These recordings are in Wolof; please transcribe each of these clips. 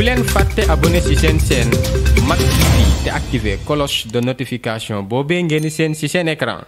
bu leen fàtte abonné ci seen seen Mak TV te activer cloche de notification boobee ngeen seen ci seen écran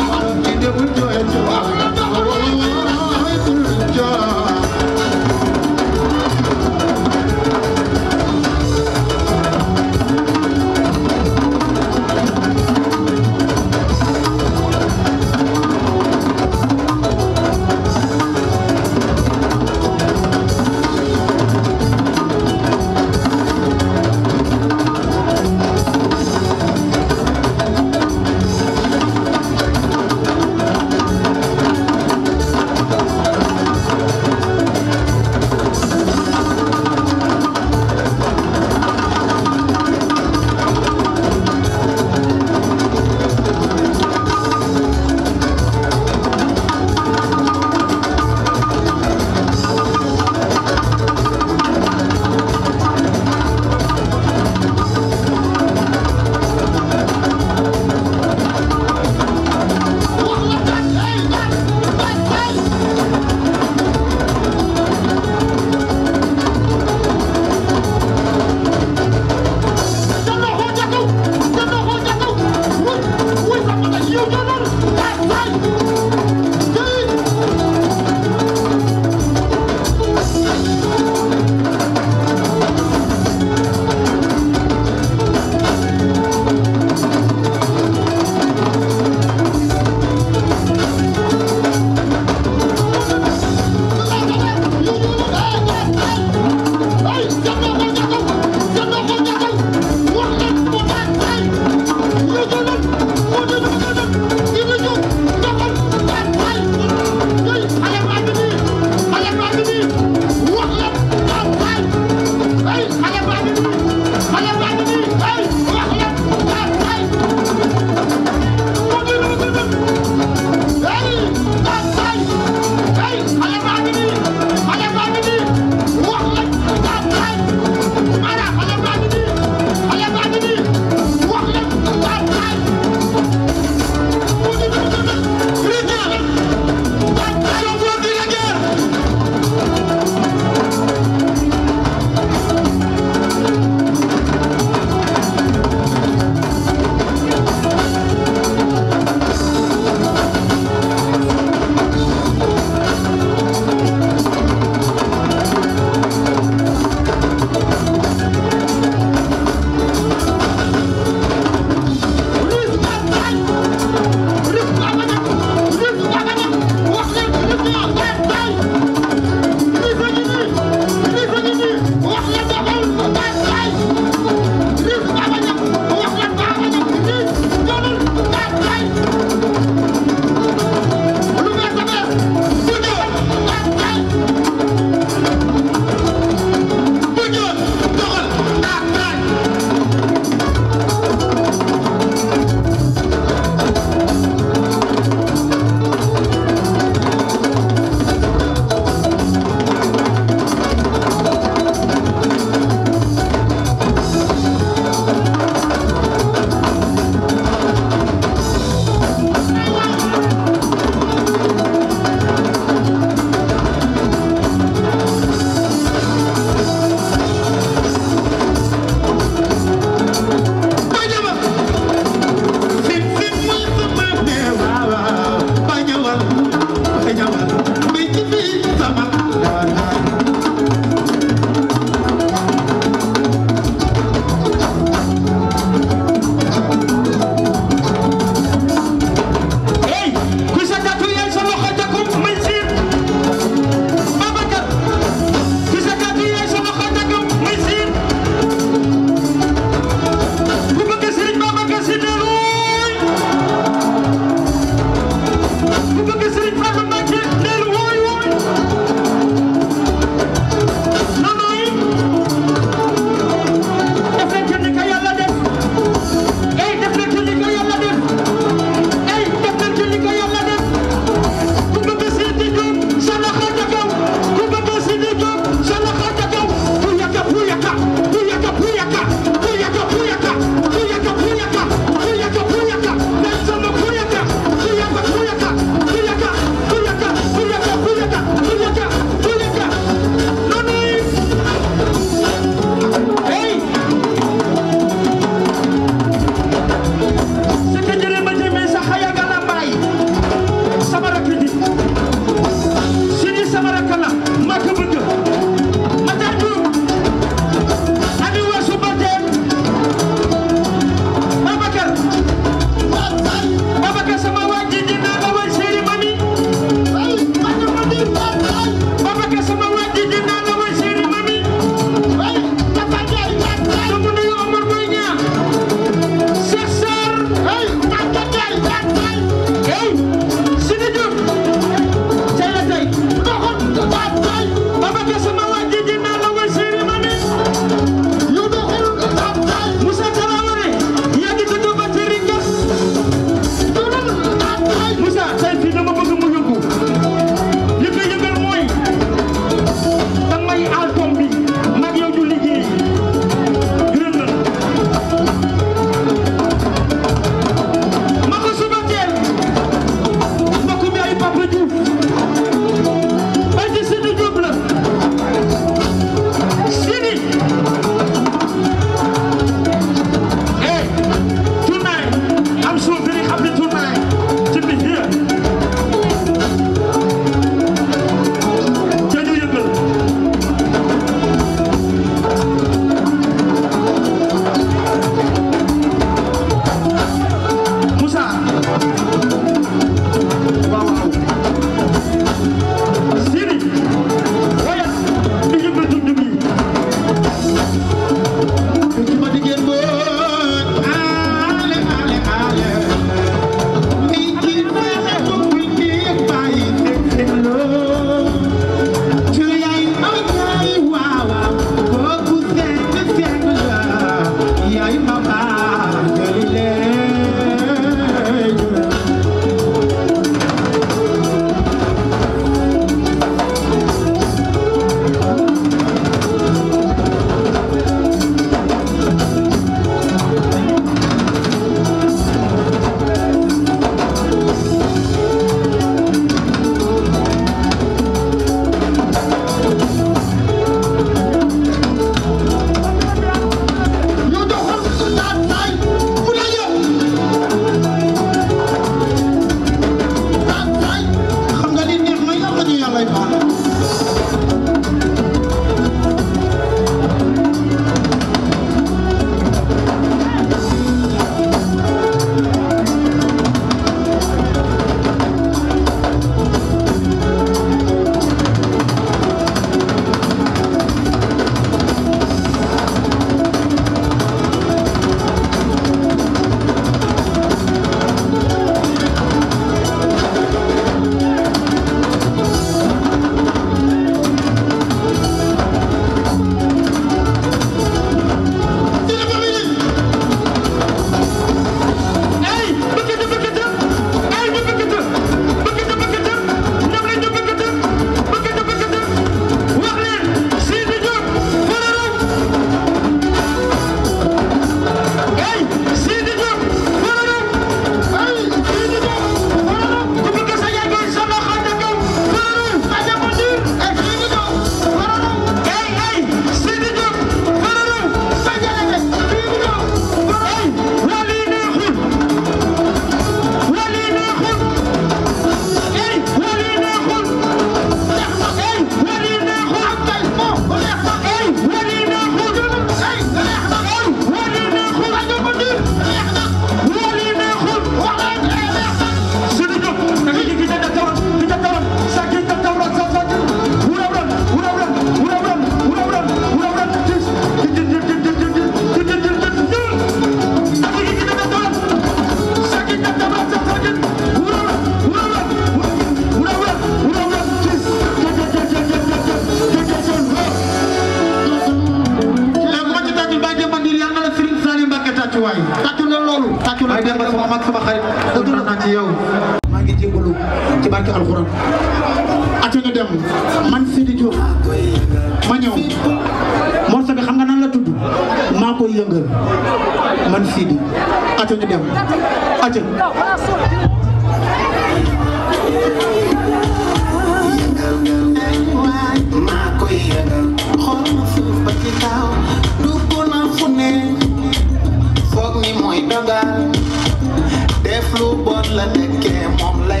la nekkee moom lay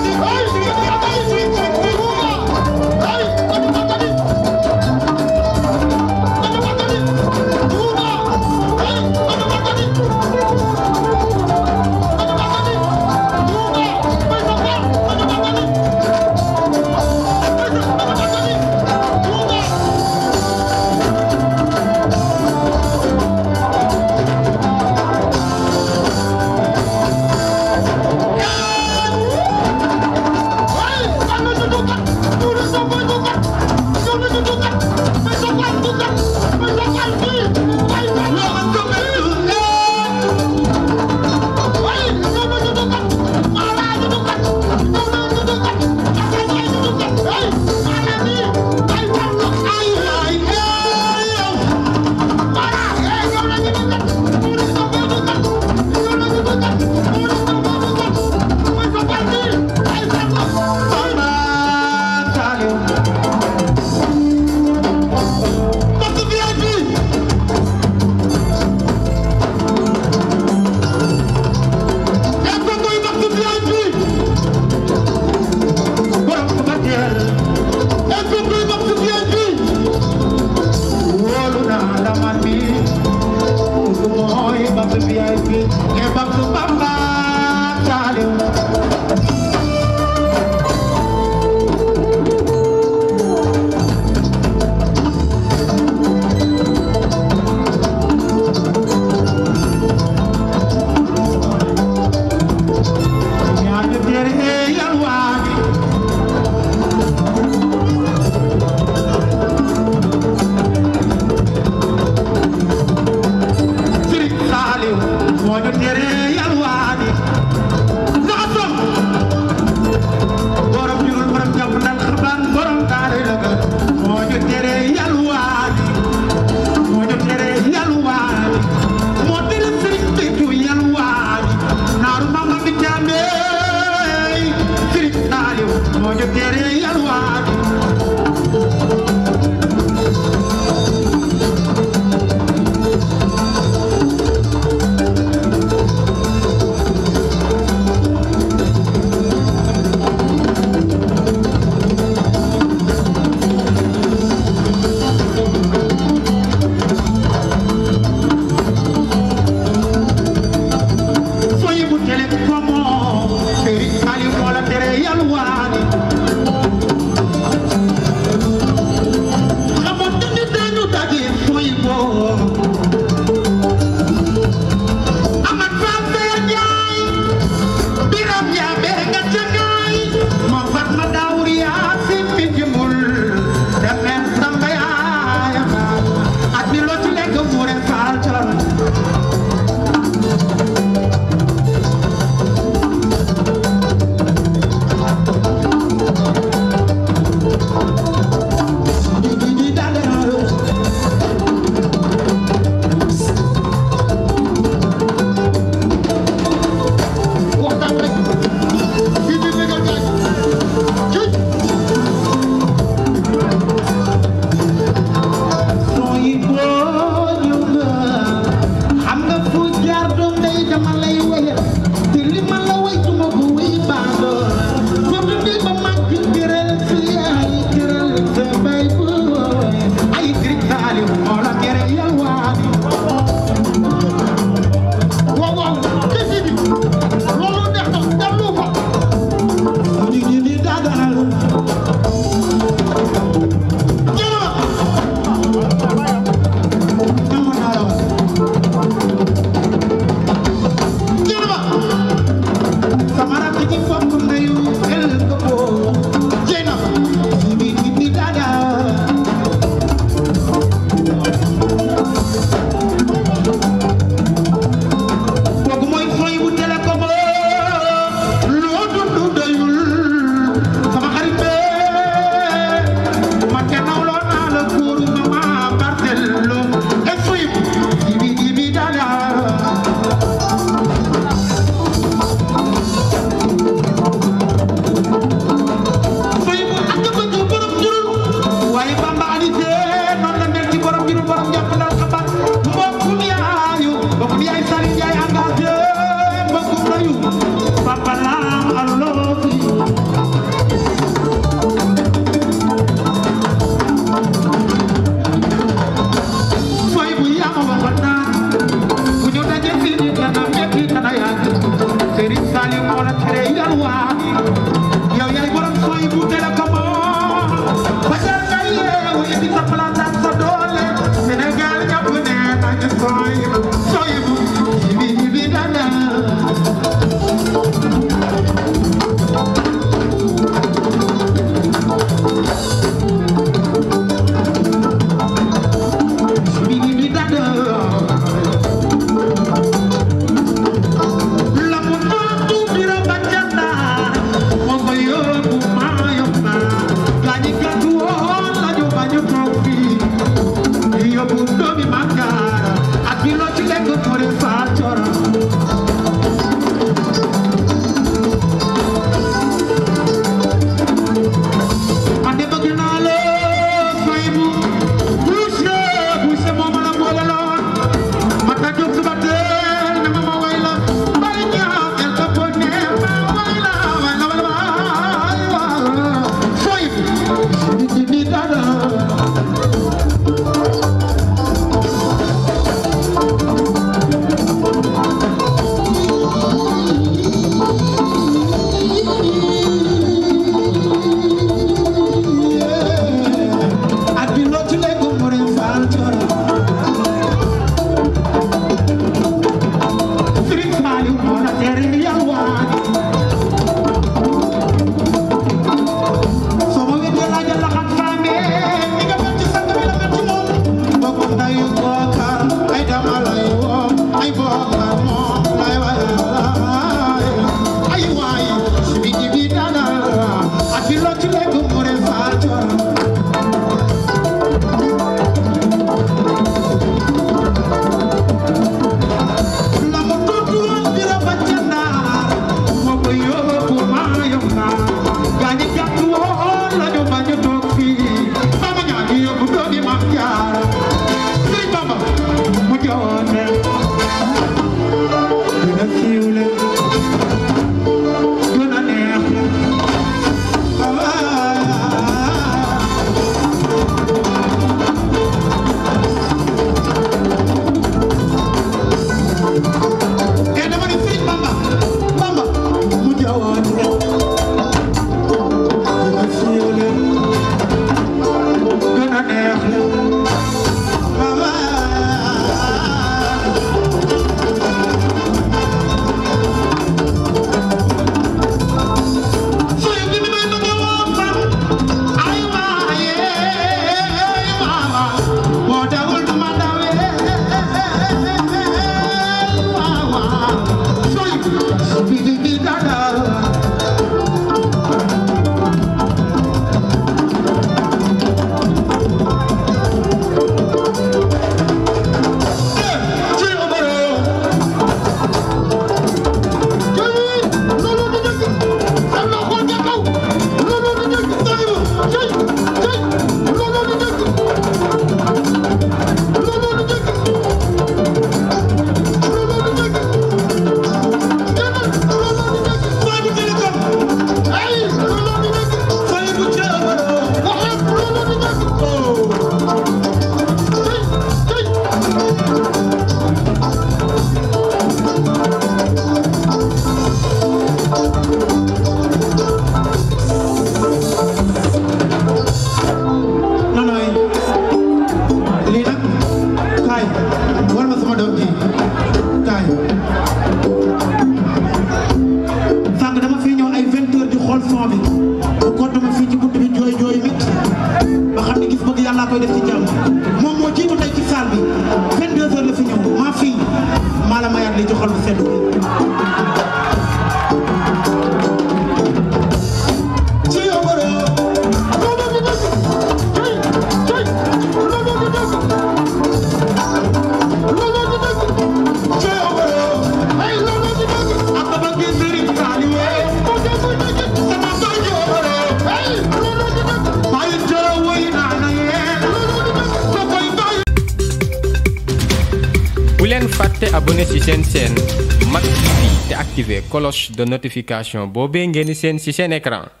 de notification boobee ngeen seen ci seen écran